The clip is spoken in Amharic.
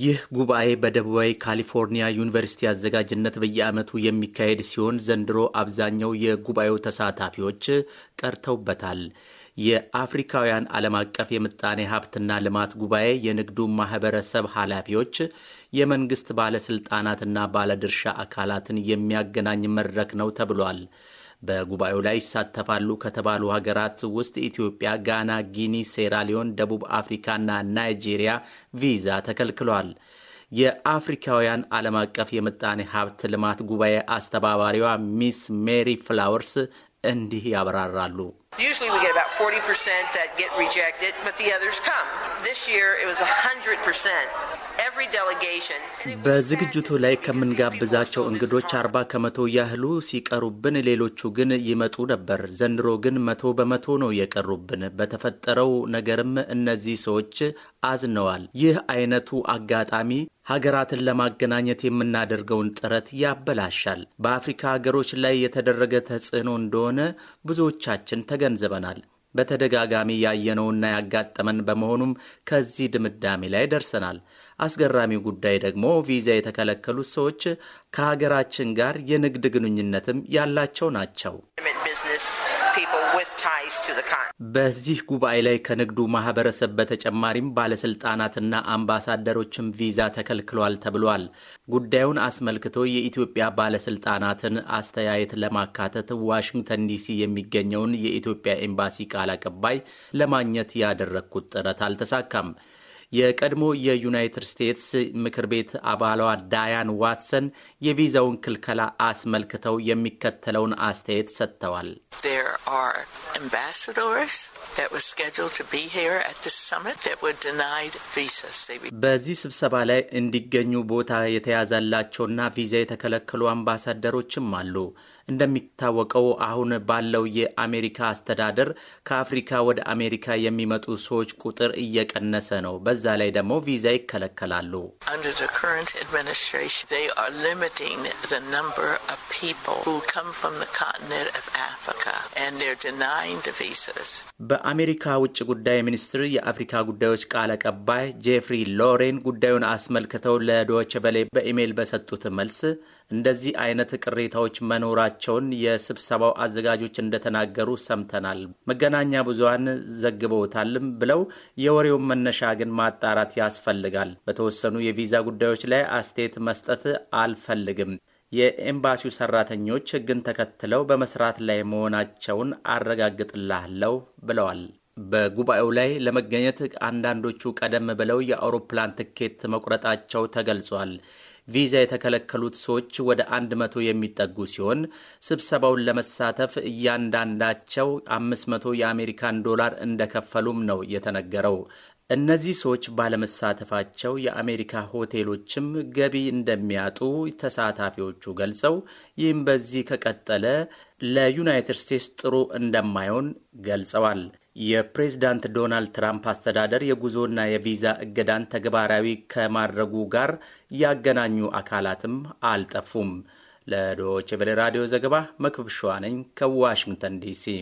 ይህ ጉባኤ በደቡባዊ ካሊፎርኒያ ዩኒቨርሲቲ አዘጋጅነት በየዓመቱ የሚካሄድ ሲሆን ዘንድሮ አብዛኛው የጉባኤው ተሳታፊዎች ቀርተውበታል። የአፍሪካውያን ዓለም አቀፍ የምጣኔ ሀብትና ልማት ጉባኤ የንግዱ ማህበረሰብ ኃላፊዎች፣ የመንግስት ባለስልጣናትና ባለድርሻ አካላትን የሚያገናኝ መድረክ ነው ተብሏል። በጉባኤው ላይ ይሳተፋሉ ከተባሉ ሀገራት ውስጥ ኢትዮጵያ፣ ጋና፣ ጊኒ፣ ሴራሊዮን፣ ደቡብ አፍሪካና ናይጄሪያ ቪዛ ተከልክሏል። የአፍሪካውያን ዓለም አቀፍ የምጣኔ ሀብት ልማት ጉባኤ አስተባባሪዋ ሚስ ሜሪ ፍላወርስ እንዲህ ያብራራሉ። Usually we get about 40% that get rejected, but the others come. This year it was 100%. በዝግጅቱ ላይ ከምንጋብዛቸው እንግዶች አርባ ከመቶ ያህሉ ሲቀሩብን፣ ሌሎቹ ግን ይመጡ ነበር። ዘንድሮ ግን መቶ በመቶ ነው የቀሩብን። በተፈጠረው ነገርም እነዚህ ሰዎች አዝነዋል። ይህ አይነቱ አጋጣሚ ሀገራትን ለማገናኘት የምናደርገውን ጥረት ያበላሻል። በአፍሪካ ሀገሮች ላይ የተደረገ ተጽዕኖ እንደሆነ ብዙዎቻችን ተገ ተገንዝበናል። በተደጋጋሚ ያየነውና ያጋጠመን በመሆኑም ከዚህ ድምዳሜ ላይ ደርሰናል። አስገራሚው ጉዳይ ደግሞ ቪዛ የተከለከሉት ሰዎች ከሀገራችን ጋር የንግድ ግንኙነትም ያላቸው ናቸው። በዚህ ጉባኤ ላይ ከንግዱ ማህበረሰብ በተጨማሪም ባለስልጣናትና አምባሳደሮችም ቪዛ ተከልክሏል ተብሏል። ጉዳዩን አስመልክቶ የኢትዮጵያ ባለስልጣናትን አስተያየት ለማካተት ዋሽንግተን ዲሲ የሚገኘውን የኢትዮጵያ ኤምባሲ ቃል አቀባይ ለማግኘት ያደረግኩት ጥረት አልተሳካም። የቀድሞ የዩናይትድ ስቴትስ ምክር ቤት አባሏ ዳያን ዋትሰን የቪዛውን ክልከላ አስመልክተው የሚከተለውን አስተያየት ሰጥተዋል። there are ambassadors በዚህ ስብሰባ ላይ እንዲገኙ ቦታ የተያዘላቸውና ቪዛ የተከለከሉ አምባሳደሮችም አሉ። እንደሚታወቀው አሁን ባለው የአሜሪካ አስተዳደር ከአፍሪካ ወደ አሜሪካ የሚመጡ ሰዎች ቁጥር እየቀነሰ ነው። በዛ ላይ ደግሞ ቪዛ ይከለከላሉ። በ የአሜሪካ ውጭ ጉዳይ ሚኒስትር የአፍሪካ ጉዳዮች ቃል አቀባይ ጄፍሪ ሎሬን ጉዳዩን አስመልክተው ለዶች በሌ በኢሜይል በሰጡት መልስ እንደዚህ አይነት ቅሬታዎች መኖራቸውን የስብሰባው አዘጋጆች እንደተናገሩ ሰምተናል፣ መገናኛ ብዙሃን ዘግበውታልም ብለው የወሬውን መነሻ ግን ማጣራት ያስፈልጋል። በተወሰኑ የቪዛ ጉዳዮች ላይ አስተያየት መስጠት አልፈልግም የኤምባሲው ሰራተኞች ህግን ተከትለው በመስራት ላይ መሆናቸውን አረጋግጥላለው ብለዋል። በጉባኤው ላይ ለመገኘት አንዳንዶቹ ቀደም ብለው የአውሮፕላን ትኬት መቁረጣቸው ተገልጿል። ቪዛ የተከለከሉት ሰዎች ወደ አንድ መቶ የሚጠጉ ሲሆን ስብሰባውን ለመሳተፍ እያንዳንዳቸው አምስት መቶ የአሜሪካን ዶላር እንደከፈሉም ነው የተነገረው። እነዚህ ሰዎች ባለመሳተፋቸው የአሜሪካ ሆቴሎችም ገቢ እንደሚያጡ ተሳታፊዎቹ ገልጸው ይህም በዚህ ከቀጠለ ለዩናይትድ ስቴትስ ጥሩ እንደማይሆን ገልጸዋል። የፕሬዝዳንት ዶናልድ ትራምፕ አስተዳደር የጉዞና የቪዛ እገዳን ተግባራዊ ከማድረጉ ጋር ያገናኙ አካላትም አልጠፉም። ለዶይቼ ቬለ ራዲዮ ዘገባ መክብሸዋ ነኝ ከዋሽንግተን ዲሲ